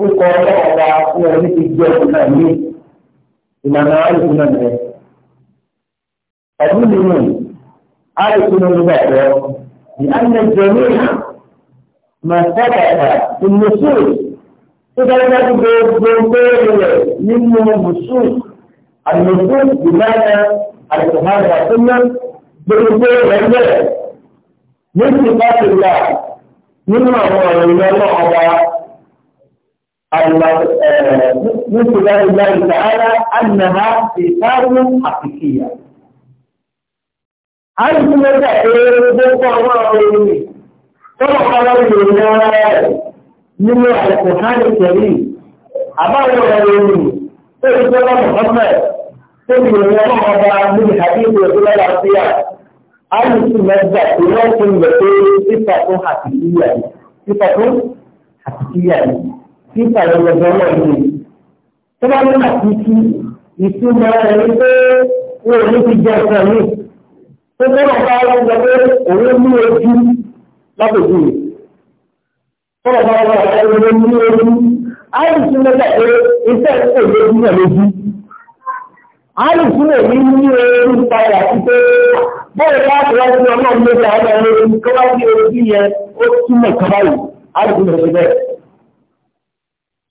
orúkọ ọlọ́ọ̀ba fún ẹni tí jẹ́ ọ̀nà mi ìlànà àìsùnà rẹ̀. ọdún nínú àìsùnà nígbà tó ní àìsùnà jẹ̀mí máa sábàtà ìmùsùn tó dájú gbogbo gbòòrò rẹ̀ nínú mùsùn àmùsùn ìlànà àìsùnà àìsùnà gbogbo rẹ̀ bẹ̀rẹ̀ ní ti bá ti gbà nínú àwọn ọ̀rọ̀ ìlànà ọba. من آه، كلام الله تعالى أنها آثار حقيقية هل كما إيه؟ تقول طبعا من القرآن الكريم أبا وغيرين طيب، تقول محمد تقول طيب، الله من حديث رسول الله صلى هل كما تقول صفة حقيقية صفة حقيقية tí ìpàdé ọjọ́ náà ní. tó bá ní àtúntì ìtumọ̀ rẹ̀ ní pé wọn ò ní ti jẹ ọ̀sán mi. tó bá wọn bá wọn sọ pé òun ní ojú lápòjú rẹ̀. tó bá wọn bá wọn sọ ní ojú. àyè tí mo gbà pé iṣẹ́ ìpè lójú náà lójú. àyè tí mo ní ní ojú padà sí pé bọ́ọ̀lù láti wá sí ọmọ mi lójú àwọn ọmọ mi kọ́wá sí ojú yẹn ó túmọ̀ kọ́báyì. àyè tí mo gbà pé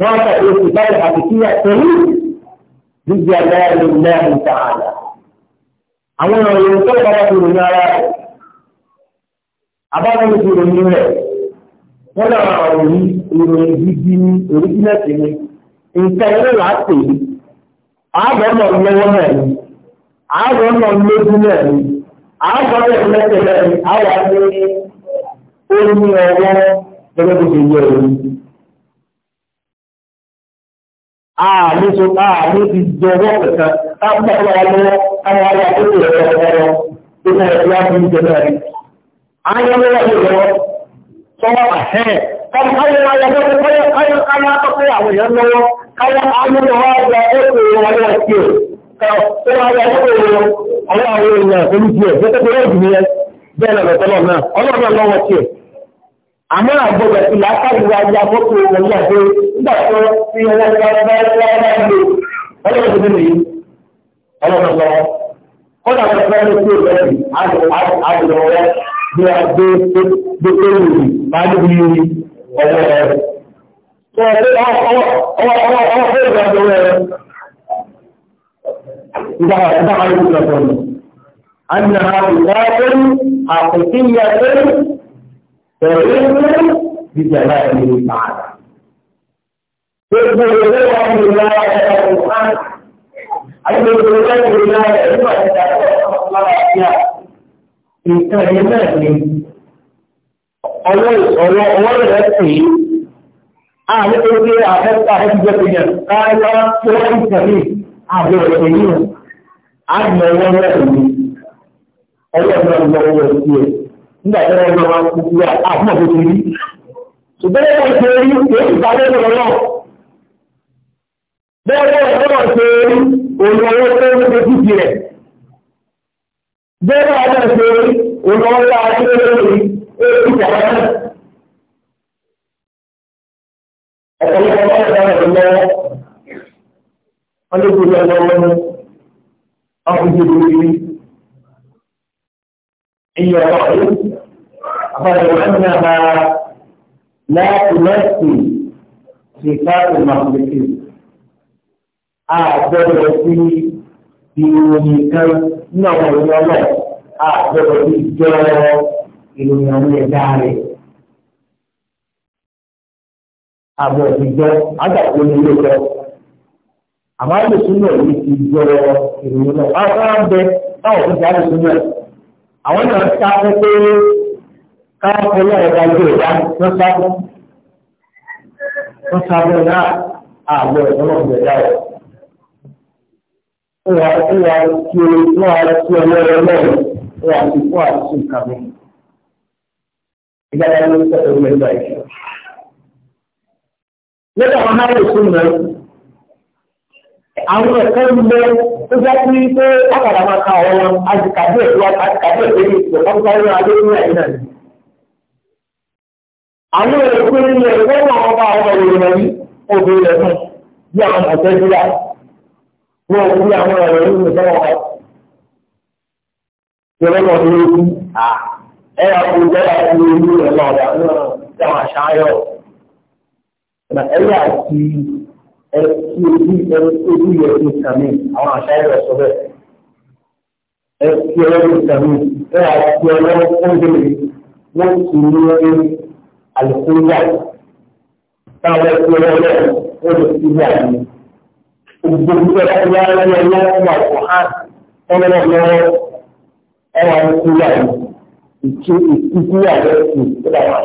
ناطق الصفات الحقيقية تليق بجلال الله تعالى àwọn ìròyìn tó bá bá ti ròyìn ara rẹ̀ abáwọn ti ròyìn rẹ̀ wọ́n náà ròyìn ìròyìn gidi ní orígínẹ́sì ni nǹkan eré láti yìí ààbọ̀ ọ̀nà lọ́wọ́ náà ni ààbọ̀ ọ̀nà lójú náà ni ààbọ̀ ọ̀nà lẹ́sẹ̀ náà ni àwọn àti orí ọwọ́ gẹ́gẹ́ bó ṣe yẹ òun àlejò ààrẹ ti jọwọ́ kankan táwọn ọmọ wa lọ́wọ́ táwọn ará tó lè rọ ọ̀rọ̀ tó fẹ́ ẹ̀yà bí i jẹ́rẹ̀ rí. Ayé ló wà lọ́wọ́ sọ́wọ́ àṣẹ. Kọ́mù káyé wa yẹ lọ́wọ́ káyé káyé káyé àtọ́kọ́ àwọn èèyàn lọ́wọ́ káyé ayé lọ́wọ́ gba ẹ̀kọ́ wọn lọ́wọ́ sí ẹ̀. Tó wá yẹ ẹ̀kọ́ wọn àwọn àwọn èèyàn olùdíẹ̀ àmọ́ àgbẹ̀dẹ̀ ti látàrí wa ya mọ́tò wọn yà pé nígbà tó fi ọwọ́ ya bá ya bá lò ọlọ́run ti nìyí ọlọ́run lọ kọ́nà tó fẹ́ ló tó rẹ̀ bí àgbẹ̀dẹ̀ ọwọ́ bí a gbé gbé tó rù rí máa ní bí rí ọwọ́ rẹ̀. tó o fẹ́ ọwọ́ fẹ́ ìgbà tó rẹ̀ ìgbà ìgbà máa ń gbé lọ́tọ̀ ni. a nà á bì wá lórí àpòtí ìyá lórí. فإنه بجلاله تعالى تذكر الله ولاية القرآن أن الولاية ولاية إما تتعلق الله أشياء في كلمات Ọlọ́run ọ̀rọ̀ ọwọ́rọ̀ rẹ̀ pè é, ààrẹ tó gbé àfẹ́ta ẹgbẹ́ pèèyàn láàrín lọ́wọ́ tí wọ́n ń tẹ̀lé ààrẹ rẹ̀ pèèyàn, ààrẹ ọwọ́rọ̀ rẹ̀ pèèyàn, ọlọ́run ọwọ́rọ̀ rẹ̀ nígbà tí wọ́n máa kú bí àpọ̀ tó ti rí. ṣùgbọ́n wọ́n ṣe rí yóò ti bá lẹ́nu ọ̀nà. bẹ́ẹ̀ bẹ́ẹ̀ wọ́n ṣe rí olùwọ́ tó ń ṣe títì rẹ̀. bẹ́ẹ̀ bẹ́ẹ̀ wọ́n ṣe rí olùwọ́ tó ń ṣe lórí èyí ìjà náà. ọ̀pọ̀lọpọ̀ wọn ṣe àwọn ọ̀dọ́ lọ́wọ́. wọ́n lè kó lọ́wọ́ wọn. wọ́n fi ṣe lórí هي وحي فلو أنها لا تمثل صفات المخلوقين أعتبر في ìròyìn kan ní àwọn ìròyìn ọlọ́ àgbẹ̀rọ̀ bí jẹ́ ìròyìn àwọn ẹ̀dá rẹ̀. Àbọ̀ ti jẹ́ àgbàpọ̀ ní ilé ẹ̀kọ́. Àmọ́ àlùsùn náà yìí ti jẹ́ ìròyìn náà. Àwọn ọ̀rọ̀ ń bẹ táwọn òfin ti àlùsùn náà àwọn náà sá fún pé káwọn fún náà ẹ̀ka ìjọ ìdá wọ́n sá fún wọ́n sá fún náà àgbọ̀ ìfọlọ́gbọ̀ ìdá rẹ̀. ó wà ó wà kí ó wà kí ọlọ́rọ̀ lọ́rùn ó wà kí fún àtúnṣe ìkàwé. ìgbà yẹn ló ń sọ̀rọ̀ ìgbà yìí. lọ́dọ̀ àwọn náà lè sún mọ́ àwọn ẹ̀kọ́ ń lọ tó jẹ́ kí pé àkàrà máa ka ọ̀rọ̀ wọn àtìkàdé ẹ̀kọ́ àtìkàdé ẹ̀kọ́ ní ìṣòro kọ́kọ́ ní adé ní ẹ̀yìn náà. àwọn ẹ̀kọ́ ní ẹ̀kọ́ náà wọ́n bá ọmọ ìròyìn ẹ̀yìn obìnrin rẹ̀ fún bí àwọn ọ̀sẹ̀ jíra wọn kú àwọn ọ̀rọ̀ yìí nìkan wọn kọ́. ìrọ̀lẹ́ wọn ní ojú ẹ̀ ẹtí ojú ojú yẹ kí sàmì àwọn àṣàyẹ̀wò sọ bẹ́ẹ̀. ẹtí ọlọ́run sàmì ẹ àti ọlọ́run fúnbẹ̀rẹ̀ wọ́n ti ní ẹni àlùkòyà táwọn ẹtí ọlọ́run wọ́n lè fi wà ní. gbogbo ìgbà tí wọ́n á rí ọlọ́run wà kó hàn ọlọ́run lọ́wọ́ ẹwà ń kú wà ní. ìtú ìtú kú wà lẹ́sìn tó bá wọn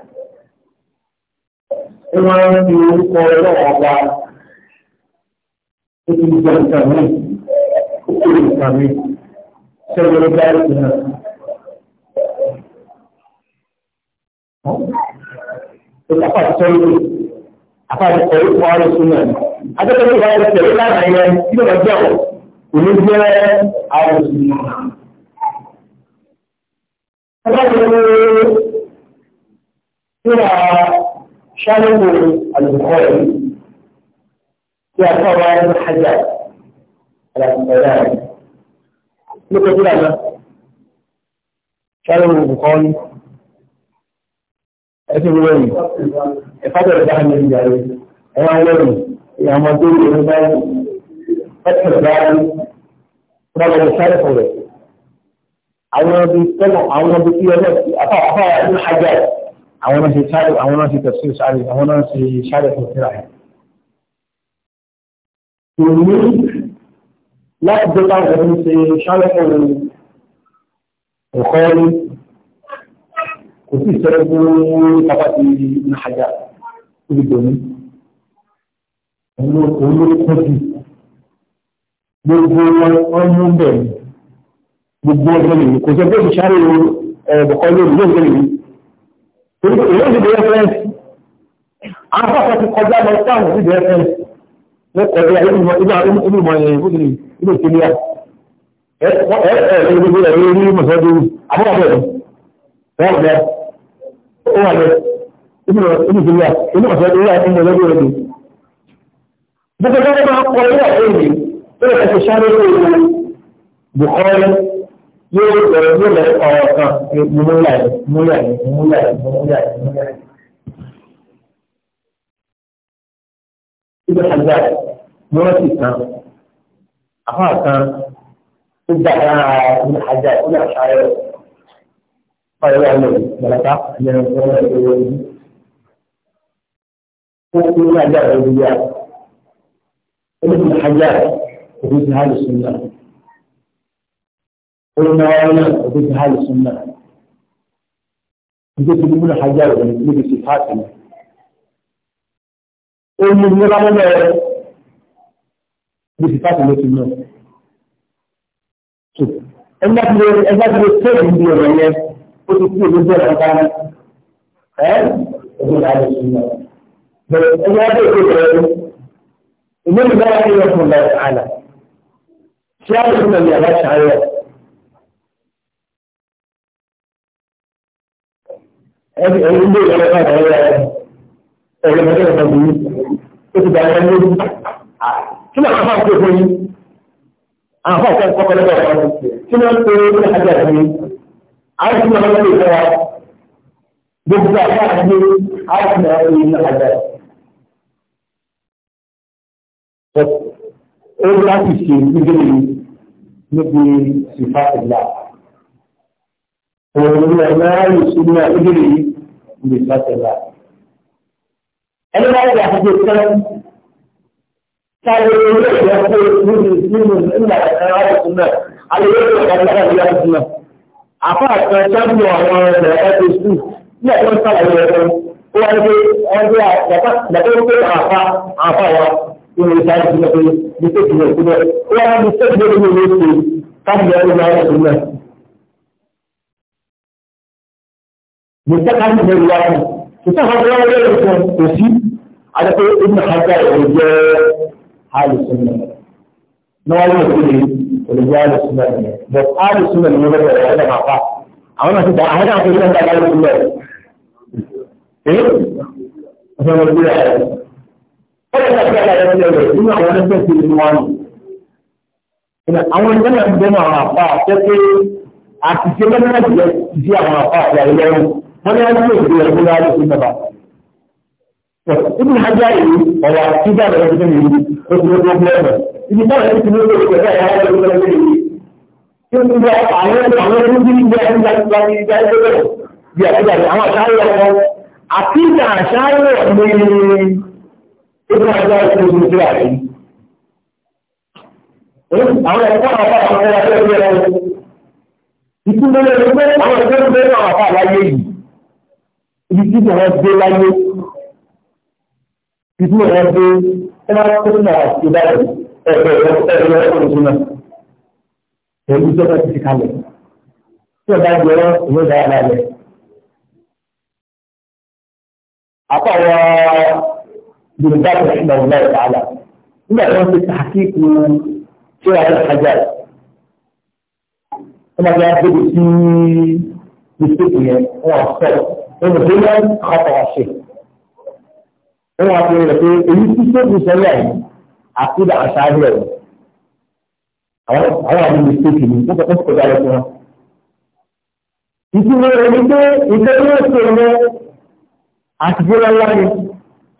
wọ́n ń fi orúkọ ọlọ́pàá pa ti jẹ nǹkan mi ó kéré nǹkan mi ṣẹ́gun ló bá ìsìn náà. Ìjọba ti sọ wípé àfààní ọ̀rọ̀ ìfọ̀ ọ̀rọ̀ ìsìn Adékọ̀ọ́ ìwà ẹ̀rọ tẹ̀lé lánàá yẹn kí ló máa jẹ́ ọ̀ kò jẹ́ àwọn ìsìn Ẹgbẹ́ mi ní ìwà شنو البخاري يا فوائد الحجاج على الإعلام نقطة لما شنو البخاري اسم وين فتر الدهن من جاري انا وين يا مدير الإعلام فتح الباري رجل الشرف وين أنا بيتكلم أنا بيتكلم أفا أفا الحجاج أولا في شارع أولا في تفسير شارع أنا في شارع في القراءة يقولون لا تبقى أولا في شارع القاري وفي سرق طبقة من حياة كل الدنيا يقولون يقولون يقولون يقولون يقولون يقولون يقولون يقولون يقولون يقولون يقولون èyí ti di rẹ́fẹ́rẹ́nsì afọ́fọ́ ti kọjá lọ sáwọn ti di rẹ́fẹ́rẹ́nsì ní kọjá ìlúmọ̀ ìlúmọ̀ ìbúkiri ìlú ìkìlíà ẹ ẹ ẹ ìlú ẹ rí mọ̀sọ́dú abúlọ̀bẹ̀ wọ́n bẹ ó wà bẹ ìlú ìkìlíà ìlú mọ̀sọ́dú ìlú àti ìlú ọlọ́dún rẹ̀ bí. gbogbo ẹgbẹ́ máa kọ ilé àti èyí yóò lọ yóò lọ ọ̀ọ̀kan múlẹ̀ múlẹ̀ múlẹ̀ múlẹ̀ múlẹ̀. Ibi àgbà mọ́ọ̀tì kan, àfọ́ àkan tó gbà lára ibi àjà ìpínlẹ̀ àṣàyọ̀. Ọ̀rẹ́ wa lọ gbàlàtà ìyẹn fún ọ̀rẹ́ ìwé yìí. Ó kú ní àjà ìwé yìí. Ó ní ìhàjà òbí ti hàlùsùn náà. قلنا ولا وفي هذه السنة جيت تقول حجاج من في حاتم قلنا نرى ولا بصفات التي الناس شوف انك لو انك لو تسجل بيه ولا قلت فيه من دون حكامة ها؟ يقول على السنة بس انا هذا يقول النبي قال الله تعالى شاء الله يا ẹni ẹni ló yẹ lọ́wọ́ ẹ̀rọ ẹ̀rọ ẹ̀rọ ẹ̀rọ ẹ̀rọ ó ti dà ẹ̀rọ lórí kí ni àwọn afáàkó fún yín àwọn afáàkó kọ́kọ́ lọ́wọ́ ẹ̀rọ kí ni wọ́n tó ní ajá fún yín àwọn tí wọ́n lọ́wọ́ ìfẹ́ wa gbogbo àfáàkó àwọn tí wọ́n lọ́wọ́ ìfẹ́ ajá. ó láti ṣe gbígbé níbi ìfà òun ọ̀nà ààrùn ìṣúná ìdílé yìí lè sọ́tẹ̀lá. ẹni máa ń gbà àkókò tán káwọn ilé ìwé ọkọ nínú nínú nígbà ààrùn ìṣúná àlejò ìwé ọkọ nígbà ààrùn ìṣúná. àpá àti ṣáàbù àwọn ọ̀rẹ́ ẹ̀kọ́ sùn nígbà tó ń sàlàyé ẹ̀kọ́ ó wá ní pé ọjọ́ àgbàdo pé àfa àfa wa ìwé ìṣáàbù ìṣúná pé ní pé ìṣúná ìṣúná ó wá ní sẹ́ẹ̀dì mùsùlùmí àti ìbẹ̀rù wa ni ìṣe àwọn ọmọ ọmọ ẹ̀rọ kan kò sí àdàpọ̀ ibn hajar ẹ̀rọ jẹ́ alùsùnmọ̀ náà wọ́n ti lè olùgbé alùsùnmọ̀ rẹ̀ but alùsùnmọ̀ ni wọ́n bẹ̀rẹ̀ ẹ̀rọ máa fa àwọn àti ìdá àwọn àti ìdá ìdá alùsùnmọ̀ rẹ̀ ẹ̀ ọ̀sán wọn gbé rẹ̀ ọ̀rẹ́ ìdá ìdá ìdá rẹ̀ nínú àwọn ẹgbẹ́ ti ní náà ń bẹ́ẹ̀ àwọn àpá àtẹ́kẹ́ àti ìṣẹ́gbẹ́ náà jẹ́ ti wani an ce da yarda ya rufe ta ba ibn hajjari wala shi da da yake ne ko kuma ko kuma ibn ba yake ne ko da ya ya da ne kin da ayyuka da ayyuka din da ya da da ya da ya da amma sai ya da akida shayo ne ibn hajjari ko da ya yi eh àwọn ẹ̀ka àwọn àwọn ẹ̀ka ìpínlẹ̀ ẹgbẹ́ àwọn ẹgbẹ́ ìgbẹ́ àwọn àfáà láyé yìí ibi tí mo rẹ̀ dé láyé ibi tí mo rẹ̀ dé ẹ máa tó nà àti ìbáyọ̀ ẹ̀rọ ẹ̀rọ ẹ̀rọ ìṣúná pẹ̀lú ìjọba ti fi kalẹ̀ tí ọba jẹ ọ ìwé ìdáyà lálẹ́. Àpáwọ̀ Yorùbá tó ṣì lọ́wọ́ láì tààlà nígbà tí wọ́n ti kàkíkù tí wọ́n ti kájà rẹ̀. Wọ́n máa gbé agbègbè sí mistake yẹn wọ́n sọ̀rọ̀ obìnrin ọkọ̀ ọ̀sẹ̀. Wọ́n wá fi rẹ̀ pé èyí tí sóògùn sẹ́lẹ̀ yìí àkúdà àṣáájú ẹ̀ wọ̀. Àwọn àmì mistake ni wọ́n kọ́kọ́ kọjá lọ fún wọn. Ìtumọ̀ rẹ̀ ni pé ìfẹ́ yóò ṣe lọ àtìgbé lọ́wọ́ ni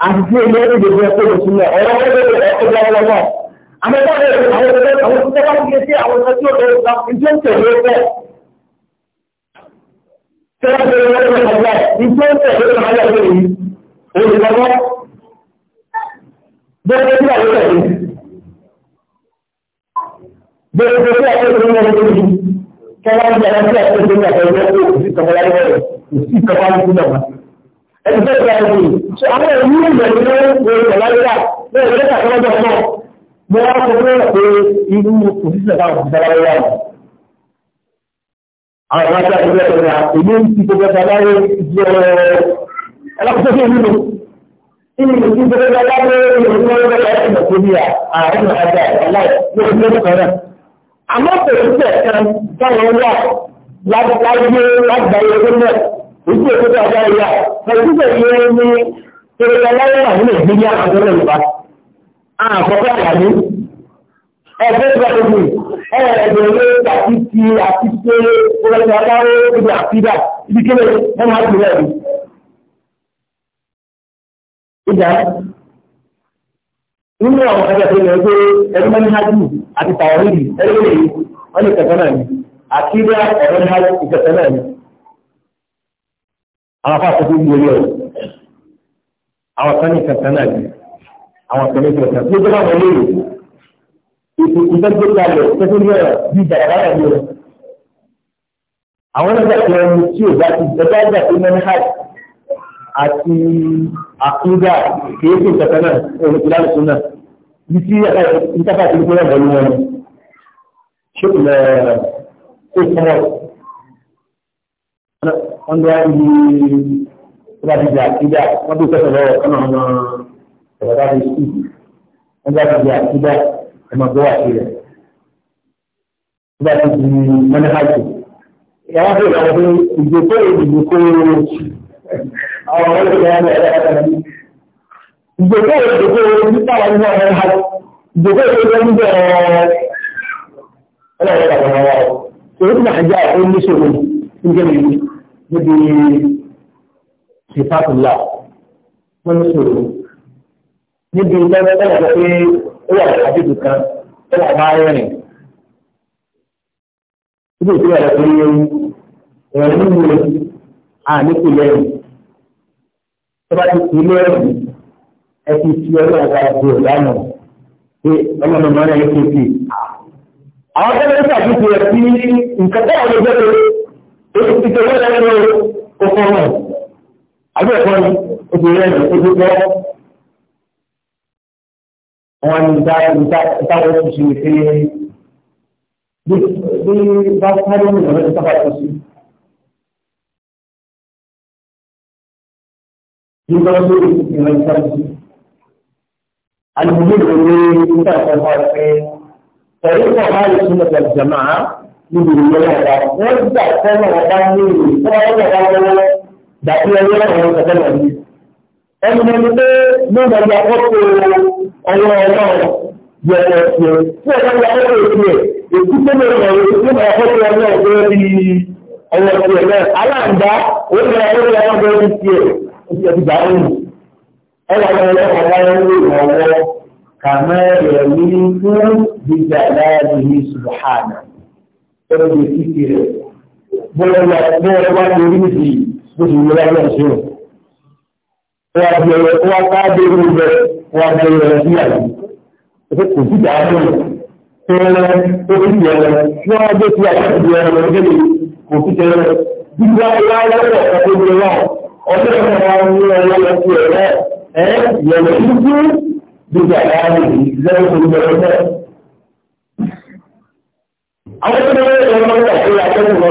àtìgbé ilé èdè bí ẹ̀kọ́ lọ sílẹ̀ ọ̀rọ̀ ọ̀rọ̀ ẹ̀kọ́ lọ́wọ́ lọ́wọ́. Àmọ́ báwo ni àwọn ọ̀rẹ́ àwọn ọ̀rẹ́ àwọn ọ̀rẹ́ àwọn ọ̀rẹ́ tí ó lọ tẹ́lá tẹ́lá tẹ́lá tẹ́lá tẹ́lá ìjọ ń tẹ̀lé ọmọ ayé ọ̀gbẹ́ yìí olùkọ́kọ́ bẹ́ẹ̀ tí àwọn ọ̀gbẹ́ yìí bẹ́ẹ̀ tí àwọn ọ̀gbẹ́ yìí tẹ́lá ń bẹ̀rẹ̀ tí àwọn ọ̀gbẹ́ yìí àtẹ̀wé tó kù sí kọ̀ọ̀kan láyé rẹ̀ kò sí kọ̀ọ̀kan ní kúndà wọn. ẹni tó tẹ̀lé ọ̀gbẹ́ yìí ṣe àwọn ìlú ìgbẹ̀rẹ̀ ló ń wọ̀ láyé rà bẹ́ẹ̀ àwọn ọ̀rọ̀ ajá ìgbẹ́ ọ̀rọ̀ èmi ń ti gbogbo ọ̀dà láyé jẹ́ ẹlọ́pọ̀tọ́sí ìlú inú ìlú gbogbo ọ̀dà láyé ìlú ọ̀rọ̀ láti nàìjíríà àárín ajá ìgbàláì lórí lórí kọ̀ọ̀rọ̀ àmọ́ pẹ̀lú tẹ̀sán táwọn wà lágbàáyé lágbàáyé gómìnà ojú òkúta ọ̀dà ìyá pẹ̀lú tẹ̀sán ní ìrẹ̀lẹ́ láyé àwọn nàìjíríà àgbẹ̀rẹ̀ ẹgbẹ́ pẹ̀lú ẹ̀rẹ̀dẹ̀ ló tàbí ti àti pé ọlọ́dún aláwọ̀ ibi àfídà ibi kéwẹ̀ wọ́n máa ti rẹ̀ rí. Ìjà nínú àwọn ẹgbẹ́ tó lọ pé ẹgbẹ́ ní hajj àti tàwọ̀rìlì ẹgbẹ́ yìí wọ́n lè kẹ̀kẹ́ náà ni àti ìdá ẹgbẹ́ ní hajj ìkẹ̀kẹ́ náà ni. Àwọn ìtọ́jú kalẹ̀ tẹ́tí lọ́rọ̀ bíi jàdàbáyà ni rẹ̀. Àwọn ọ̀gá tí wọ́n tí ò bá ti ẹgbẹ́ àgbà tó mẹ́rin hajj àti àkúdà kìí ṣe ìtọ́jú náà òun ti láti sún náà. Bí tí ìtàkà ti gbọ́dọ̀ bọ̀ lóun wọn. Ṣé kò lẹ̀ kó sọ̀rọ̀? Wọ́n lọ ibi tó bá ti di àkúdà wọ́n bí sọ̀rọ̀ lọ́wọ́ kọ́nà ọmọ ìrọ̀lá ti sùn. Wọ́n bá ti di àkúdà. ẹ máa gbọ́ àṣẹ rẹ̀ tó bá ti di mọ́nàmájì ìyàwó àti ìyàwó pé ìgbèkó ìgbèkó àwọn ọmọ ìgbèkó ìgbèkó ìgbèkó nípa wà nínú ọmọ ìhà ìgbèkó ìgbèkó níbẹ̀ ọlọ́run ìgbàgbọ́ wọn wà ó torí tí màá jẹ́ àwọn oníṣòwò nígbà mi níbi ìfàkùnlá wọ́n ní sòrò níbi ìgbàgbọ́ pé ó yà àdìgbò kan ó wà máa rìn ibi ìtura rẹ̀ pé ẹ̀rọ nínú rẹ̀ àní kò lẹ́yìn tó bá ti kú lẹ́yìn ẹ ti fi ọlọ́run wá ju ọ̀dánù pé ọlọ́run máa ń rẹ̀ ṣe fi. àwọn tó ń ṣàkóso rẹ̀ sí nǹkan tó wà ló jẹ́ pé èyí ti tẹ̀lé ẹ̀rọ kọ̀ọ̀kan náà àbí ni obìnrin ẹ̀ wọn ní ìdáwọ́ tó ṣe pé bí bá sáré ní ìrọ̀lẹ́ tó sábà tó sí. Nígbà tó ní ìrọ̀lẹ́ tó sábà tó sí. Àlùmọ́lé ló ní nígbà tó wà pé pẹ̀lú ìwọ̀n máa lè tún lọ́pọ̀ ìjọba níbi ìwé ọ̀gá. Wọ́n gbà sẹ́nu ọ̀gá ní ìwé tó wà lọ́wọ́ dàbí ẹgbẹ́ ọ̀gá ọ̀gá ọ̀gá ẹnu mẹ́ni pé nígbà ìgbà kọ́kọ́ ọwọ́ ọlọ́run yẹ̀wọ̀ yẹ̀wọ̀ tí ẹ̀ka ìgbà kọ́kọ́ ètò ẹ̀ èkú tó lè rọ̀ ẹ̀ tí ìgbà kọ́kọ́ ọlọ́run tó rí ọwọ́ ti ẹ̀ náà aláǹdá òun ìgbà kọ́kọ́ ọlọ́run tó rí ti ẹ̀ ó ti ẹ̀dùgbà ń lù ọwọ́ àwọn ọlọ́run wá ń lè rọ̀wọ́ kàmẹ́ rẹ̀ ní fún gbígbà láàrin subhana ẹ̀rọ ìgbà kíkì rẹ̀ bọ́ọ̀lù wá lórí ìdí bó ti wúlọ́ wọ́n bẹ̀rẹ̀ wọ́n bá dérú rẹ̀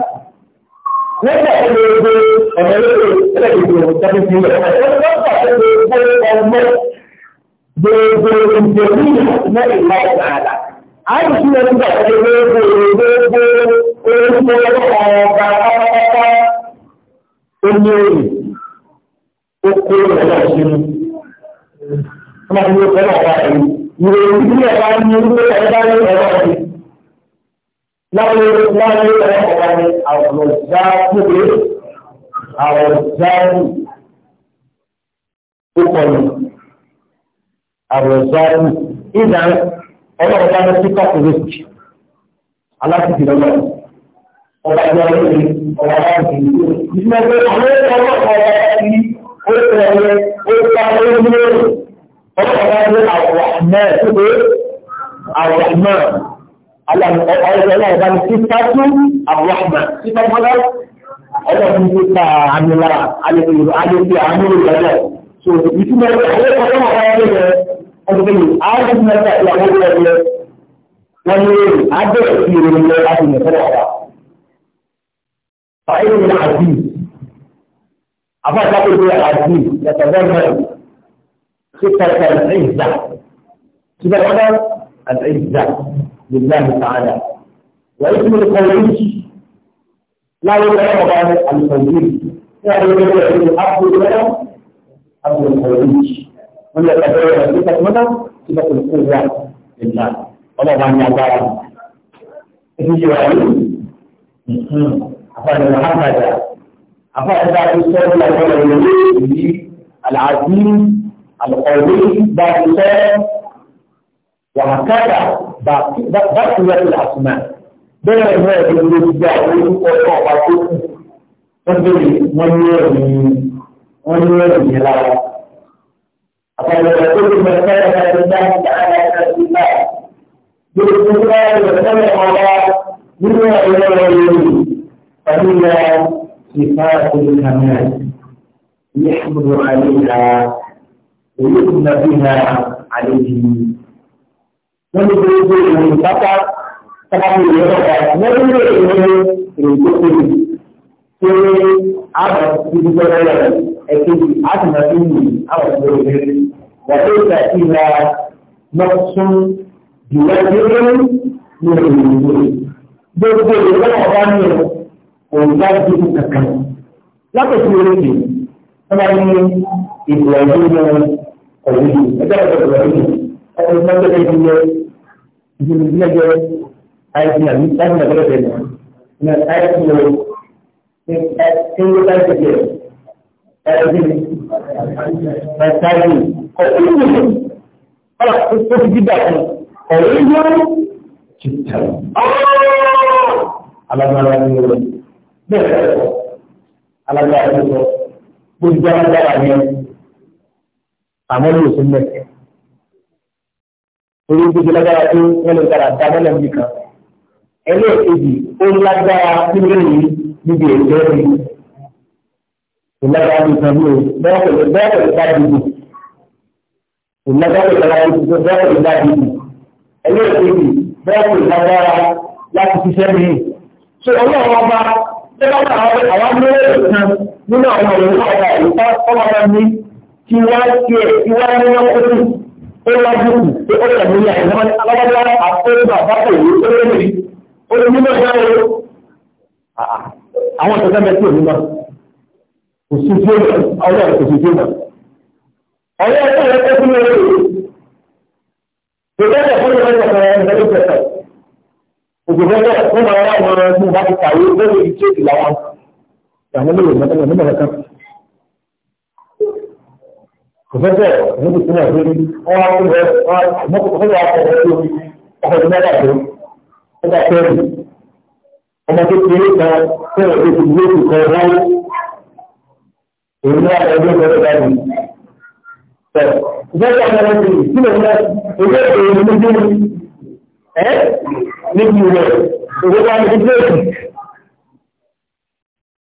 lẹ́gbẹ̀ẹ́ tó lè gbé ọ̀nà lókè ẹlẹ́gbẹ̀ẹ́ tẹ́lẹ̀ sí ilẹ̀ lọ́gbà tó lè gbé ọmọ gbogbo ìjẹ̀bí ìmọ̀ ìròyìn ìdílé ọ̀gá ní orílẹ̀-èdè ọ̀gá ní ọ̀gá rẹ̀ láwọn láwọn ọ̀rọ̀ ọ̀rọ̀ ni àwọn ìjáàbùrẹ́ àwọn ìjáàbù tó kọlu àwọn ìjáàbù ìdá ọlọ́run bá ní síkà kúrẹ́sì aláṣìkì lọ́wọ́ ọba ìjọ ọlọ́run ní ọba láti ìlú ìgbà pé àwọn ẹgbẹ́ ọlọ́run ọba ti ó tẹ̀lé ó ta olóòrùn ọlọ́run bá ní àwọn àmọ́ ẹ̀ tó dé àwọn àmọ́ ẹ̀ ọlọ́run ọba ní sípàtú àbúrọ̀mà sípàtú ọlọ́run ní ká àmìlà àlejò àmúlò lọ́dọ̀ so ìtumọ̀ ẹgbẹ́ ọ̀rọ̀ ọ̀rọ̀ ẹgbẹ́ ọdún yìí àwọn mẹ́ta ìyàwó ẹgbẹ́ wọn ní adé ìròyìn lọ láti lè fẹ́rẹ̀ ọ̀rọ̀ fàáyé ní àdí àbájáde ní àdí lẹ́tọ̀ bẹ́ẹ̀ sípàtú àlẹ́ ìzà sípàtú àlẹ́ ìzà لله تعالى واسم القولي لا يدعى بعد القولي يعني يدعى الحق ولا حق القولي من يتبين صفة ماذا؟ صفة القوة لله طبعا يا دار في جوالي أفعل محمد أفعل ذات الصوت الأول العزيز القوي ذات الصوت وهكذا بقية الأسماء بين هذه الجاهلين وطوحاتهم فبدي من يرمي من يرمي لا أقول لكل من تعالى هذا الناس بالإسلام والسلام على من يرمي فهي صفات الكمال يحمد عليها ويؤمن بها عليه wọ́n ní gbogbo ìròyìn pátá sábàbí ìròyìn ọ̀gá lẹ́yìn ìròyìn ìròyìn tó tóbi tí ó ní àwọn ibi tó rẹ̀ ẹ̀kejì àtìmọ́tì ní àwọn ìlú rẹ̀ wàtí ìgbà tí ìlà mọ́tún ìwà ìròyìn ní ìròyìn ìròyìn gbogbo ìròyìn ọ̀gá ní òǹkà dúdú kankan látòkú ìròyìn wọ́n máa ní ìgbà ìròyìn ọ̀gbìn ẹgbẹ́ ìgbà ìròyìn ẹni tó ń tẹ́lẹ̀ ìdílé ìdílé ìdílé jẹ́ àìsàn àbí àìsàn àbẹ̀rẹ̀ tẹ̀lé ní àìsàn lọ ní ẹ̀sìn ló bá tẹ̀lé ẹ̀sìn ẹ̀sìn ọ̀sìn ìlú ọ̀la tó ti dídà kan ọ̀rẹ́ ìlú títà alágbára ni ó lọ bẹ́ẹ̀ lọ alágbára ni ó lọ gbogbo alágbára ni àmọ́ ló sọ mẹ́tẹ̀ẹ́ orí ń tóbi lágbára tó wọ́n lè gbára dá mọ́lẹ̀ mi kan ẹlẹ́ẹ̀kejì ó lágbára nílé yìí níbi ètò ẹ̀rí kò lágbára mi kan ní o bẹ́ẹ̀ pẹ̀lú bẹ́ẹ̀ pẹ̀lú bá dìbò kò lágbára mi kan láti fi bẹ́ẹ̀ pẹ̀lú bá dìbò ẹlẹ́ẹ̀kejì bẹ́ẹ̀ pẹ̀lú lágbára láti ṣiṣẹ́ mi. ṣé ọlọ́run ọba ṣé wọ́n bá àwọn amúlẹ̀ kan nínú àwọn ọ̀rọ̀ ìwọ̀n ọ̀gá ìta ọlọ́run ní kí wọ́n tiẹ̀ kí wọ́n ó wá dúkù pé ó tẹ̀lé ní àìsàn alábọ́dá àtẹ́gbà bákò yìí ó lé lórí ó lè nílò ìyá rẹ̀ àwọn ìṣẹ̀lẹ̀ mẹ́tí òní náà kò sí tí ó lọ ọjọ́ kò sí tí ó lọ. ọ̀rẹ́ ẹ̀kọ́ rẹ̀ kọ́ sínú ẹ̀rọ ìgbẹ́ ẹ̀kọ́ rẹ̀ kọ́ sínú ẹ̀rọ ìgbẹ́ òṣèlú ẹgbẹ́ fún àwọn ọmọ ẹgbẹ́ bá ti kàwé lórí ìṣèkì làwọn ìyàwó lórí ìmọ̀tẹ́lẹ̀ nígbà kan kòfẹ́sẹ̀ níbi tí wọ́n gbé wọ́n wá tó bẹ́ẹ̀ wọ́n wá ọkọ̀ tó mẹ́ta tó mẹ́ta ọmọ tó kéré kan tó tó ti gbé tó kan wọ́n èyí náà ẹgbẹ́ ìgbẹ́ ìgbà mi. Ìjọba ọmọ rẹ̀ ti sí lòun náà owó èyí ní bí ẹ́ níbi rẹ̀ owó bá ní bí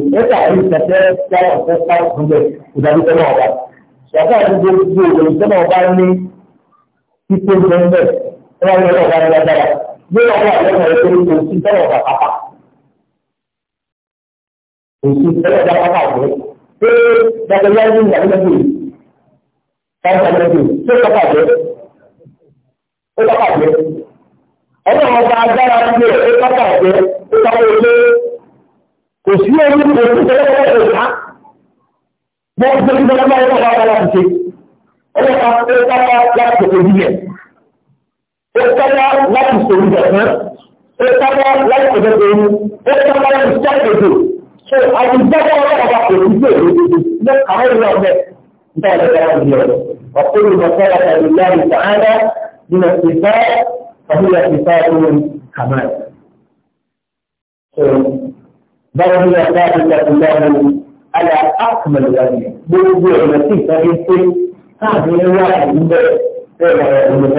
ìgbésà yìí tẹ̀tẹ̀ jáwọ̀ fún five ìdájọ́ tẹ́lẹ̀ ọ̀gá. Ṣọ̀ká àti gbogbo ìròyìn tẹ́lẹ̀ ọ̀gá ní títí gbẹ̀ngbẹ̀ ẹ̀rọ ìrọ̀lẹ́ ọ̀gá ní lágbára. Yóò wá wà lẹ́nu ẹ̀rọ tó kò sí tẹ́lẹ̀ ọ̀gá pápá. Kò sí tẹ́lẹ̀ ọ̀gá pápá ọ̀gbẹ́. Ṣé dàgbẹ́ yá ní ìdàgbẹ́gbẹ́ yìí? Ṣé pápá jẹ́? Ó pápá jẹ́. Ọlọ́run kò sí ẹni kò sí ẹlẹ́wọ̀n ẹ̀dá mọ́ ọdún tó ń bá ọlọ́pàá wà láti ṣe ọlọ́pàá tó kápá láti ṣe ìdílé ó kápá láti ṣe ìdílé kan ó kápá láti ṣe ìdílé ó kápá láti ṣe ìdílé so àwùjọ ọlọ́pàá kò sí ìdílé ní àwọn ìlú ọ̀bẹ nígbà ọ̀dọ́ wa ìdílé ọ̀dọ́ ọ̀pọ̀lọpọ̀ mọ̀sára tàbí láàrín sàádà nínú ìfẹ́ àbúrò ìfẹ́ àbúrò kàmáà بل هي ثابتة له على أكمل وجه بوجوع مسيح يمكن هذه الواحد من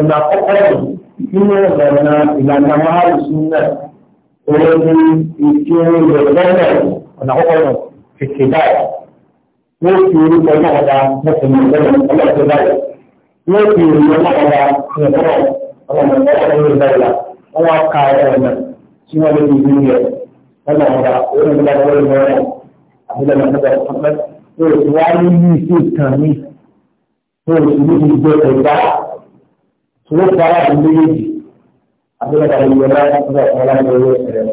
ọ̀nà àkọ́kọ́ nínú ọ̀nà ìlànà márùn-ún náà orí ìfi orin rẹ̀ lọ́nà ọ̀nà àkọ́kọ́ náà fèsì báyìí wọ́n fi orúkọ náà da mọ́tòmọ́ lọ́nà ọlọ́ọ̀tọ́ báyìí wọ́n fi orúkọ náà da ìrànlọ́wọ́ ọlọ́mọdé ọlọ́mọdé báyìí la wọ́n wá ka ọ̀nà tí wọ́n lè fi ìlú rẹ̀ lọ́nà ọ̀gá òun ìgbà tó lọ́wọ́ rẹ̀ àbúlé ọmọ ọ̀gá ọ̀pẹ́ tó o wá ní ní ìṣe ìtàn mi tó o sì ní ìgbé ẹ̀dá tó o fara àbí méjèèjì àbúlé ọmọ ọ̀gá ọ̀gá ọ̀gá ọ̀gá ọ̀gá ọ̀gá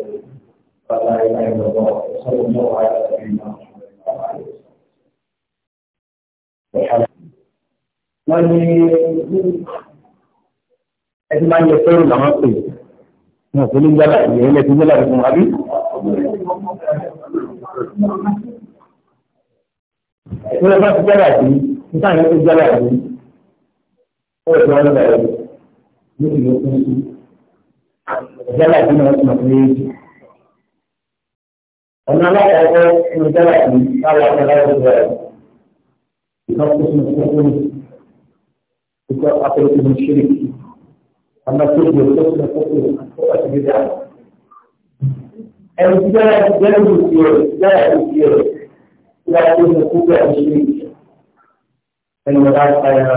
فلا إله إلا الله صلى الله على سيدنا محمد وعلى آله وسلم wọ́n ní ẹni máa ń yẹ fẹ́rù làwọn pè ní òfin ní gbàlá ìyẹn lẹ́sìn gbàlá ìfún àbí. Ìpínlẹ̀ bá ti jáde àbí nígbà yẹn tó jáde àbí ó lè lọ́wọ́ lọ́wọ́ rẹ̀ ní ìlú fún sí. Jáde àbí náà ti mọ̀ pé ọ̀nà alákọ̀ọ́kọ́ ní jáde àbí láwọn akọ̀láwọ̀ tó bẹ̀rẹ̀. Ìkan kó sínú kókó ní ìkọ́ akọ̀lẹ́kùn ní ṣírí. Ọ̀nà tó gbé kó sínú kókó ní àkókò àti gbé dáa ẹnjẹ lẹnu tiẹ lẹnu tiẹ lẹnu tó ní kúkú ẹnjẹ ẹnu bá sáyà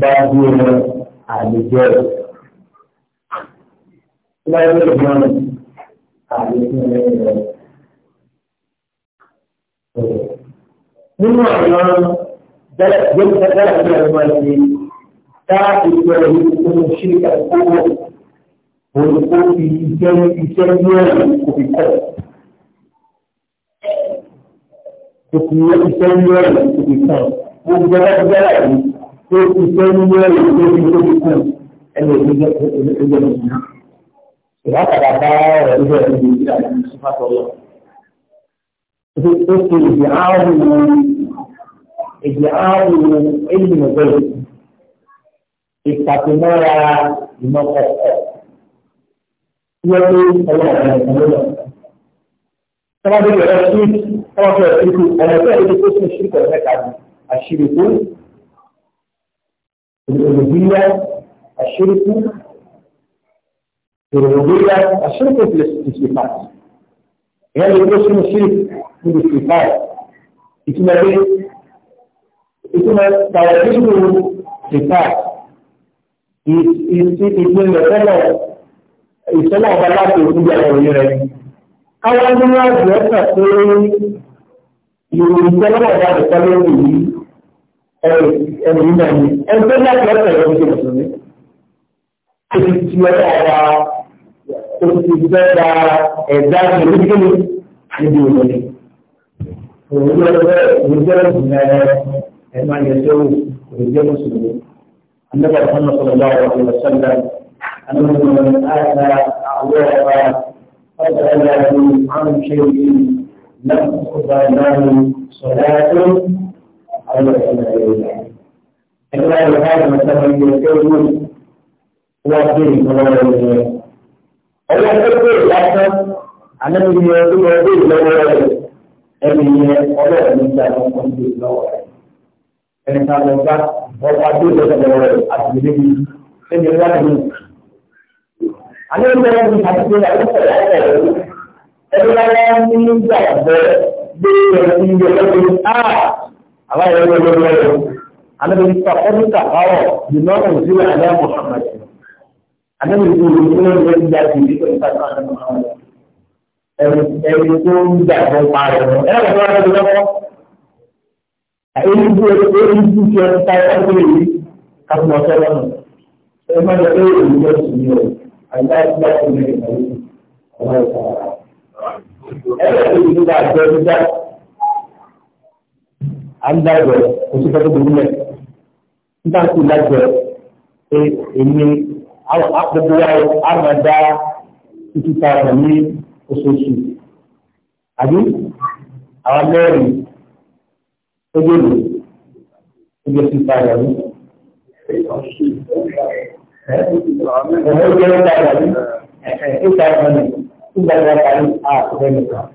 bá bí ẹnu àlejò lẹnu ìgbọn àlejò lẹnu nínú àwọn gbẹgbẹgbẹ ẹgbẹ ẹgbẹ ẹgbẹ tá ìgbẹrẹ yìí kò ní ṣe ìgbà kúrò olùkọ́ fi iṣẹ́ iṣẹ́ ní ẹ̀rọ kò fi kọ́ kò fi iṣẹ́ ní ẹ̀rọ kò fi kọ́ gbogbo ẹgbẹ́ ẹ̀rọ tó iṣẹ́ ní ẹ̀rọ tó fi kọ́ fi kọ́ ẹni ìgbẹ́ ẹgbẹ́ ẹgbẹ́ ìwà padà bá ọ̀rọ̀ ìgbẹ́ ẹgbẹ́ ìgbẹ́ ìgbẹ́ ìsúfàtọ̀lọ́ ó ṣe ìdí ààrùn ìdí ààrùn ẹ̀yìn ọ̀gbẹ́ ìpàtẹ́mọ́ra ìmọ̀kọ̀kọ̀. wọ́n ní ọlọ́run ẹ̀sán lọ́dọ̀. Tọ́lá bí ọ̀rẹ́ ṣíríkì, tọ́lá bí ọ̀rẹ́ a ọ̀rẹ́ tó ẹ̀rí tó sún ṣíríkì ọ̀rẹ́ kàdí, àṣírí tó, ìròyìnbíyá, àṣírí tó, ìròyìnbíyá, àṣírí tó fi lè ṣe pàtì. Ìyá lè tó sún ṣíríkì níbi ṣe pàtì. Ìtumọ̀ pé ìtumọ̀ tàwọn ìlú ṣe pàtì. Ìpínlẹ̀ tọ́lọ̀ ìṣẹ́lẹ̀ ọba láti òkúgbà ọ̀rọ̀ rẹ̀. Káwọn ní wọ́n jù ẹ́ kà pé ìròyìn ìṣẹ́lẹ̀ ọba nìkan ló ń yí ẹ̀rù ìgbà ni. Ẹni tó láti ọ̀sẹ̀ rẹ̀ ń ṣe mùsùlùmí. Ó ti ti ọ̀dọ̀ ara ó ti fẹ́ da ẹ̀dá ìlú kíni níbi ìròyìn. Òun ló fẹ́ òun jẹ́ ìgbìmọ̀ ẹ̀ máa yẹ sẹ́wọ̀ òun jẹ́ mùsùlùmí. Àlẹ́ bàbá náà sọ̀rọ̀ أنه من آتى أعوابا فسأله عن شيء لم تقبل له صلاة أو صلاة إقرار هذا مثلا يكون هو دين صلاة ọwọ́ pẹ́pẹ́ lásán anábìyẹ tó lọ dé lọ́wọ́ rẹ̀ ẹni yẹ ọlọ́run ní ìjà lọ́wọ́ ń dé ní àní ìgbà yẹn ní àti àyẹ̀kọ̀ láyẹ̀ rẹ̀ ẹ̀rọ lára ní nígbà bẹ̀ gbé ẹ̀rọ ní ìgbà yẹn ní a àwọn ẹ̀rọ ní ìgbà yẹn àlẹ́ mi sọ ọdún kàkàrọ̀ nínú ọ̀rọ̀ sí àlẹ́ Muhammad àlẹ́ mi sọ ọdún tó ń gbé ìgbà tó ń gbé ìgbà tó ń gbé ẹni tó ń gbà tó ń parẹ́ ẹ̀rọ tó ń gbé lọ́wọ́ èyí tó èyí tó ti ẹ̀ ń ta ẹ̀ ń gbé yìí kàtúmọ̀ sọ́lọ́nù ẹ̀ má lọ sí èyí tó ń sùn àyíká ìgbà tó lè rìn lórí ọmọ ìta ara. ẹgbẹ́ tó ti gba àjọ ẹni dá à ń dájọ oṣù tó pé èmi àpòpọ̀ wa á máa dá títí ta ní oṣooṣù àbí àwọn mẹ́rin ó gbèrò ó gbé títí ní Ẹ̀rọ jẹ́ ọjà ìgbàlú, ìta ìgbàlú, ìgbàlú àtàrí àkùnrin nìkan.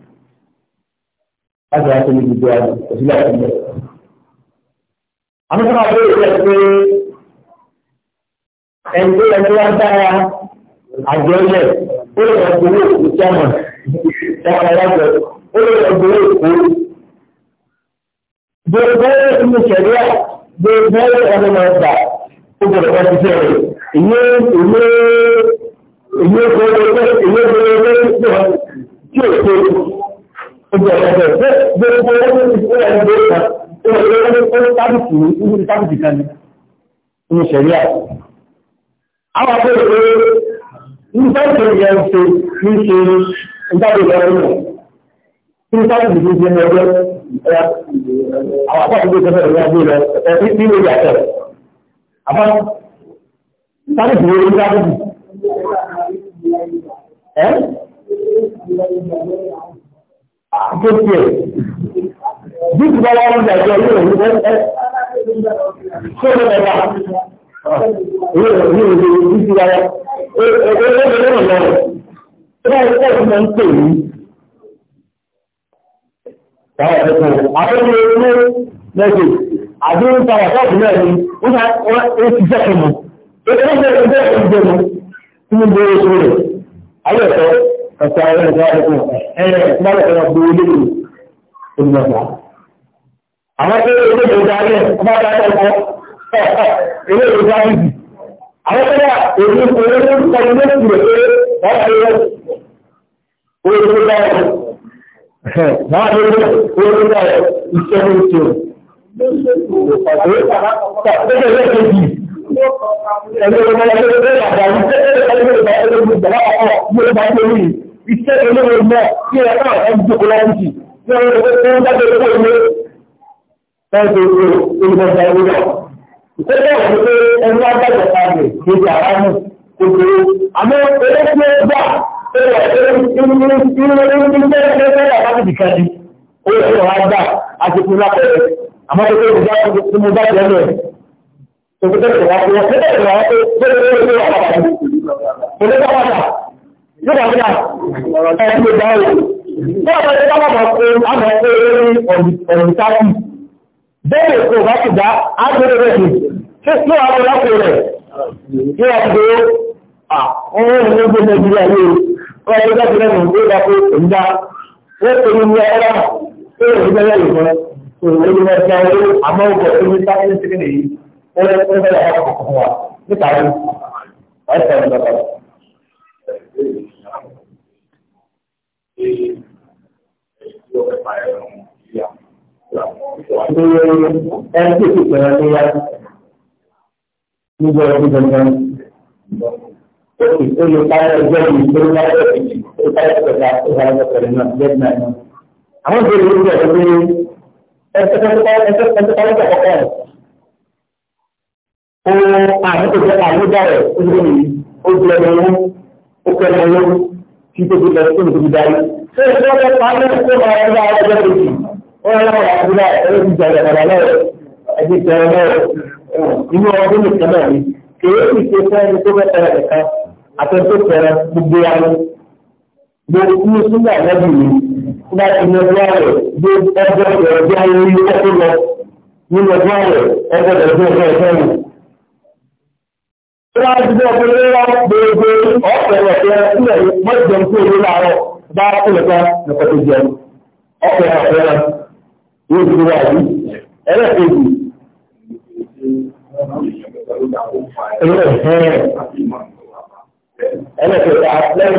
Láti wá sí ibi ìjọ àjò, òṣìlẹ̀ àti ìjọ. Àwọn sọ́kà bẹ́ẹ̀ jẹ́ pé ẹni tó yẹ kí wọ́n dára àjọ ilẹ̀, ó lè lọ gbowó òkú sọ́mọ̀, sọ́mọ̀ alájọ, ó lè lọ gbowó òkú. Gbogbo ẹ̀rọ ìṣẹ̀lẹ̀ gbogbo ẹ̀rọ ọ̀dọ́ máa gbà, ó gbọ́dọ̀ wọ́n ti fẹ́ rẹ̀ ìyé ìwé ìwé ìfowópamọ́ ìwé ìfowópamọ́ tí ó ṣe ọjọ́ ọ̀rọ̀ bẹ́ẹ̀ gbogbo ọdún ti fún ẹni tó kà ó lè lọ́wọ́ ó ní tábìtì ní ní tábìtì kan ní ní ṣẹ̀rí à. Àwọn akọ́lẹ̀ pé ní tábìtì yẹn ń ṣe ní ṣe ní ìjáde lọ́wọ́ náà. Kí ní tábìtì ti ṣe ní ọjọ́ àwọn akọ́lẹ̀ pé kẹfẹ́ ìrìn àjò lọ ẹ̀ ní ìwé ìyàtọ̀. Àbá Sáré ìwé orí dábùbù. Ẹ́ tó tiẹ̀. Bí ti bá wọ́n jà yóò rí ẹ́ tó lọ ẹ̀ka. Yóò rí òde bí ti wáyà. Ẹgbẹ́ ẹgbẹ́ lọ́rọ̀ lọ́rọ̀. Ṣé ẹgbẹ́ ẹgbẹ́ ń pè mí? Báwo ẹ̀ tó? Àbẹ̀wò ẹ̀ ló lẹ́gbẹ̀ẹ́. Àbẹ̀wò ń ta wà káàkiri náà ni. Ó ti jẹ́ kí إذا لا يوجد من دون سورة على فسألنا ذلك أي ملك ربولي المسعى أما كده يقول إدارة ما تعرف إيه إدارة أما كده يقول كلهم كلهم كلهم ويقول ما يقول ويقول لا يستمر Ẹgbẹ́ ọmọ ẹgbẹ́ ẹgbẹ́ àgbàrí ẹgbẹ́ ẹgbẹ́ ẹgbẹ́ ìjọba ọ̀pọ̀ yóò bá tó rí. Iṣẹ́ olóòrò náà kí ẹ náà ẹ jòkó lọ́wọ́ jì. Ṣé Tòkúté ìwà fún wọn, tẹ́tẹ́ ìwà wọn pé bẹ́ẹ̀ ni wọ́n wà pàtó. Òní bá wà náà, yóò bá wà náà, ẹ̀ ló dáwò. Bí ó lè tó bẹ̀rẹ̀ ọkọ̀ wa nípa rẹ̀ ọ̀sẹ̀ ìjọba. Ẹni tí kò pẹ̀lú ní ya níjọ́ ọdún gbọ̀ngàn. Ó lè parẹ́ ẹgbẹ́ mi tó ń báyọ̀ ó parẹ́ pẹ̀lú àkókò pẹ̀lú náà bẹ́ẹ̀ náà náà. Àwọn ìbéèrè yóò bẹ̀rẹ̀ pé ẹsẹ̀ tó parẹ́ ẹsẹ̀ tó parẹ́ ọkọ̀ ó àdúgbò àwùjọ rẹ̀ ó ti lóyún ó ti lọ́wọ́ owó ó kẹ́ lọ́wọ́ owó kí tó ti lọ́wọ́ tó ti fi darí. ṣé ìṣẹ́ ọ̀rẹ́ pa ní ẹ̀kọ́ ọ̀rọ̀ ẹ̀rọ ọjọ́ kejì ó rẹ̀ lọ́wọ́ àdúrà ẹ̀rọ ti jẹ̀rẹ̀ ọ̀rọ̀ lọ́wọ́ ẹ̀jẹ̀ jẹ̀rẹ̀ lọ́wọ́ inú ọdún nìkan náà ni kèrè sì ṣe fún ẹni tó fẹ́ tẹ̀rẹ̀ nìkan àtẹ̀tẹ̀ tẹ̀rẹ̀ gbogbo wa ni gbogbo nígbà lẹ́bù mi nígbà tí mo gbọ́ rẹ̀ gbé ọjọ́ ìrọ̀jẹ́ ayé orí ẹ̀kọ́ lọ nínú ọjọ́ rẹ̀ ẹgbẹ́ rẹ̀ gbé ọjọ́ ìfẹ́ mi. Láàrín ọ̀pọ̀ lọ́wọ́ gbogbo ọ̀pẹ̀ ọ̀pẹ̀ ilẹ̀ mọ́jọun tó ló láàárọ̀ bá ọ̀pẹ̀lẹ̀kọ́ nìkan tó jẹun. Ọ̀pẹ̀ ọ̀pẹ̀ rẹ̀ yóò ti wà yìí. Ẹlẹ́kejì. Ẹlẹ́kẹta lẹ́yìn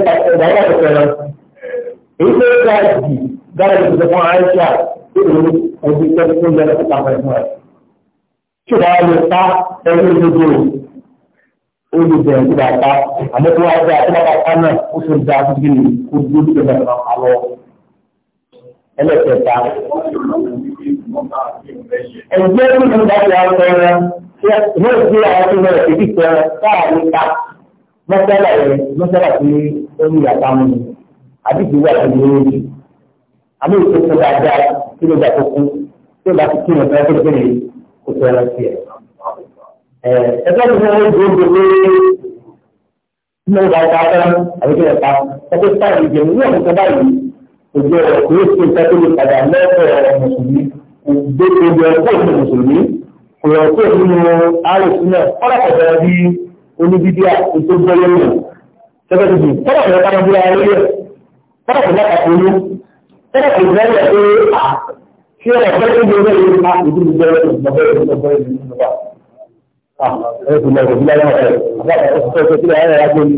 pàṣẹ ọ̀pẹ̀ rẹ̀. Èyí tó ká jì dára jù lọ fún Aisha tó lè ọdún tẹ́lifíṣẹ́ lẹ́yìn pàṣẹ ọ̀pẹ̀ rẹ̀. Ṣé wàá lè pa ẹni lójú rẹ̀? ó lè bẹ̀rẹ̀ sí bàbá àmọ́ tó wá dá tó bá bá ká náà ó ṣe dá tó gbé ní kó dúró tó bẹ̀rẹ̀ bá ká lọ. ẹlẹ́kẹta ẹ̀jẹ̀ tó ń bá ti àwọn ẹran ìwé ìdí àwọn tó bẹ̀rẹ̀ sí kíkẹ́ káàrin ká mọ́sálà rẹ̀ mọ́sálà tí ó ń yàtá mú ni àbí ìdí wà lórí orí àmọ́ ìṣòro dáadáa kí ló gbà tó kú tí ó bá ti kí ìrìn ẹgbẹ́ tí wọ́n ń gbogbo pé mo bá ta tán àbíkẹ́ ẹ̀ka ẹgbẹ́ táwọn ìjẹun ní ọ̀sán báyìí òjò ọ̀rọ̀ kò yóò ṣe ìfẹ́ tó lè padà lọ́pọ̀ mùsùlùmí òjò òjò ọ̀pọ̀ òjò mùsùlùmí kò yọ nínú àròsí náà kọ́lá kọ̀ọ̀dọ̀ bí oníbíbíà ètò gbọ́yé náà tẹ́gbẹ́ tó dùn kọ́lá kọ̀ọ̀dọ̀ kára bí ara lé kọ́lá kọ̀ọ̀dọ̀ kàkó ní kọ́lá kọ̀ọ̀dọ̀ lẹ́yìn pé ṣé ọ̀pẹ́ tó gbọ́yé náà ah ẹ̀sùnlẹ̀ ìròyìn lọ́wọ́ rẹ̀ ọ̀pọ̀ ìṣẹ́lẹ̀ ayẹ́ rájọ́ ní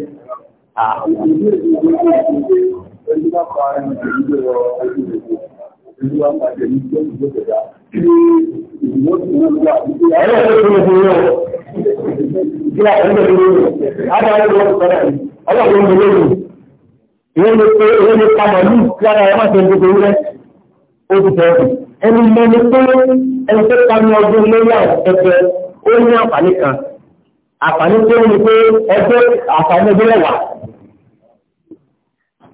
Ìwọ́n lè pa màálù tí ara ẹmà tẹ́ gbogbo rẹ̀ ó ti tẹ́ ẹ̀rù. Ẹni mẹ́ni pé ẹni tó pa ní ọdún lórí àwọn ẹgbẹ́ ó ní àǹfààní kan àǹfààní tó ní pé ẹgbẹ́ àǹfààní ọjọ́ mẹ́wàá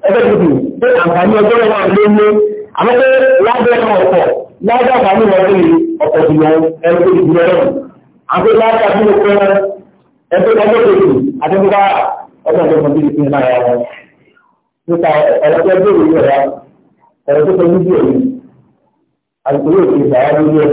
ẹgbẹ́ tuntun pé àǹfààní ọjọ́ mẹ́wàá ló ní àmọ́ pé lábẹ́ ẹ̀ka ọ̀pọ̀ lábẹ́ àǹfààní wọn ló ní ọ̀pọ̀ jùlọ ẹgbẹ́ tó jùlọ rẹ̀ àti lábẹ́ àfihàn pé ẹgbẹ́ ọjọ́ kejì àti nípa ọjọ́ ọjọ́ kan bíi ìpínlẹ̀ náà wọn nípa ọ̀rọ̀ tó ẹgbẹ́ òwúrọ̀ rẹ̀ ọ̀rọ̀ tó fẹ́ níbi òní àti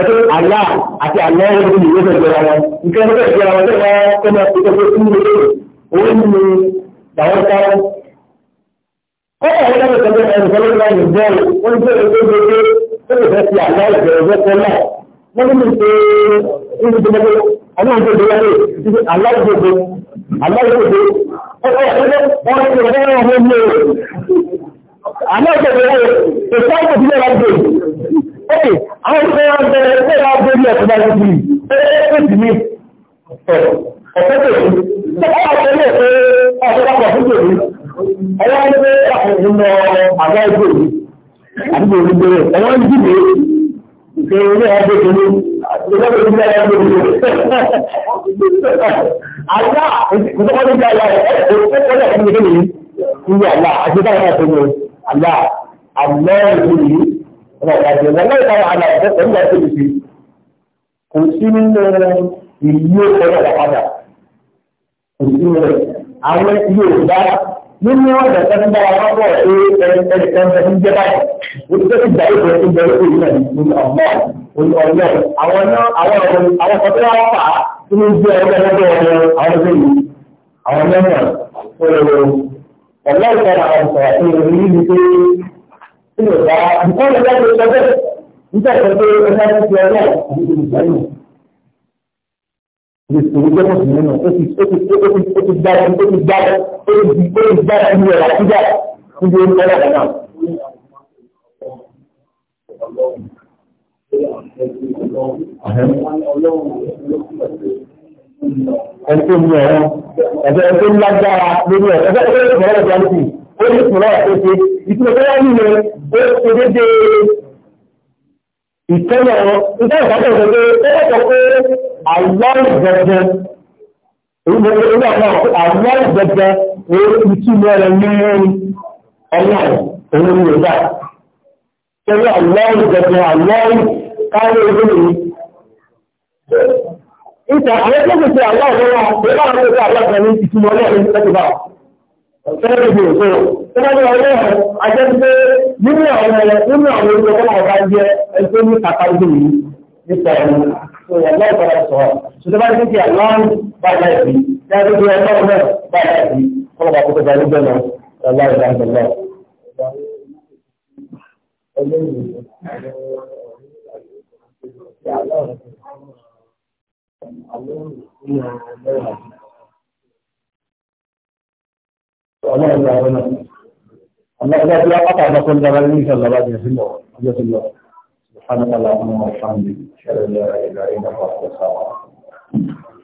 ẹgbẹ́ àlá àti àlá ẹgbẹ́ ìlú ìwé ìjọra wọn nǹkan ẹgbẹ́ ìjọra wọn lẹ́wọ́ ẹgbẹ́ ìjọba tó ń lé owó nínú làwọn sáré. kọ́kọ́ àwọn ẹgbẹ́ ìjọba ẹ̀rù sọ́lọ́ ìlànà ìbọ́ọ̀lù wọ́n ń gbé ẹgbẹ́ ìjọba tó lè fẹ́ fi àlá ìjọba sọ́lá wọ́n ní ṣe ń bí jọmọ́gbé àwọn ìjọba ìjọba ìjọba àlá ìjọba àlá ìjọba ẹgbẹ́ wọn ti wọ́n mú un lé àmọ́ ìjọba ìjọba ìjọba Ee, àwọn ìfẹ́ wọn bẹ̀rẹ̀ pé wọ́n bẹ̀rẹ̀ bí ẹ̀kọ́ bá ti di ẹ̀ẹ́dẹ́gbẹ̀sì mi. Ọ̀pẹ́ tó ṣe. Ṣé wọ́n ṣe lè pé ọ̀pẹ́ bá pọ̀ fún tòun? Ọwọ́ ń gbé àkókò lọ àgbá ìgbò yìí. Àdúgbò mi bẹ̀rẹ̀. Ọwọ́ ń dìbò ìṣe ilé ẹgbẹ́ tó ní ìṣẹ́gbẹ́ tó ní ẹgbẹ́ tó ní. Àgbà ìṣẹ́gbẹ́ tó ní ẹgbẹ́ tó ní ìṣẹ́gbẹ́ tó ní ọ̀rọ̀ ìdájọ́ wọn náà táwọn àlà ìfẹ́fẹ́ ń gbàgbé ìṣe kò sí nínú ìlú ọ̀rọ̀ padà kò sí nínú rẹ̀ àwọn ilé ìgbà nínú ọ̀dọ̀ tẹ́lẹ̀ bá wọn bọ̀ ṣe ẹnìkan bẹ ń jẹ́ báyìí ó ti tẹ́sí gbàgbé ìbẹ̀rẹ̀ tó bẹ̀rẹ̀ òun náà ní ọ̀mọ́ òun ọ̀yọ́ àwọn náà àwọn ọ̀rọ̀ àwọn kan tó wá fà á tó ń jẹ́ ọgbẹ́ lọ́dọ̀ àwọn ọ̀rọ̀ àwọn mẹ́rin ọ̀rọ̀ ọ̀lá ìtara àwọn ìtara tó ń rí ni nínú ìgbà nǹkan lè dájú sọ bẹ́ẹ̀ nígbà tó pé ó bá ti fi ọlọ́ àti olùgbà yìí lè sòrò jẹ́ mùsùlùmí nù ó ti ó ti ó ti ó ti gbá ó ti gbá ó ti ó ti gbá ìlú ẹ̀ làkúdà níbi orúkọ náà náà. Ẹni tó ń lọ ẹ̀rọ ẹ̀fẹ́ ẹ̀fẹ́ ńlá gbára lórí ẹ̀fẹ́ ẹ̀fẹ́ ẹ̀fẹ́ ẹ̀fẹ́ ẹ̀fẹ́ ẹ̀fẹ́ ó lè sùn lọ́wọ́ tó ṣe ìtumọ̀ tó wáyé ni ó ṣe dédé ìtẹ́lẹ̀ wọn nígbà tó bá tẹ̀lé pé ó wọ́pọ̀ pé àlọ́ọ̀ gẹ̀gẹ̀ èyí ló ń gbà náà pé àlọ́ọ̀ gẹ̀gẹ̀ èyí ìtumọ̀ rẹ̀ ní ọlọ́ọ̀ òun ni yorùbá tẹ̀lé àlọ́ọ̀ gẹ̀gẹ̀ àlọ́ọ̀ káwé ìgbéyìí ìtàn àwọn tó ń pèsè àlọ́ọ̀ lọ́wọ́ àti ìlànà ìgbà àlọ́ọ̀ ọ̀sẹ́lẹ̀dì àwọn ẹ̀yẹ nínú àwọn orí ọlọ́run ní àwọn náà ọlọ́run ní àwọn pátá àbọ̀kọ́ ní dára ní ìṣẹ̀lẹ̀ bá jẹ́ sílẹ̀ ọjọ́ ti lọ سبحانك اللهم وبحمدك اشهد ان لا اله الا انت استغفرك